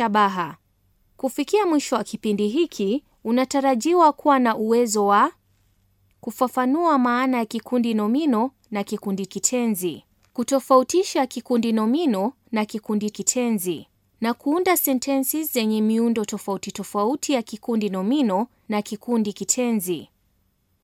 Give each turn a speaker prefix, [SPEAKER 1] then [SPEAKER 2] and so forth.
[SPEAKER 1] Shabaha. Kufikia mwisho wa kipindi hiki, unatarajiwa kuwa na uwezo wa kufafanua maana ya kikundi nomino na kikundi kitenzi, kutofautisha kikundi nomino na kikundi kitenzi, na kuunda sentensi zenye miundo tofauti tofauti ya kikundi nomino na kikundi
[SPEAKER 2] kitenzi.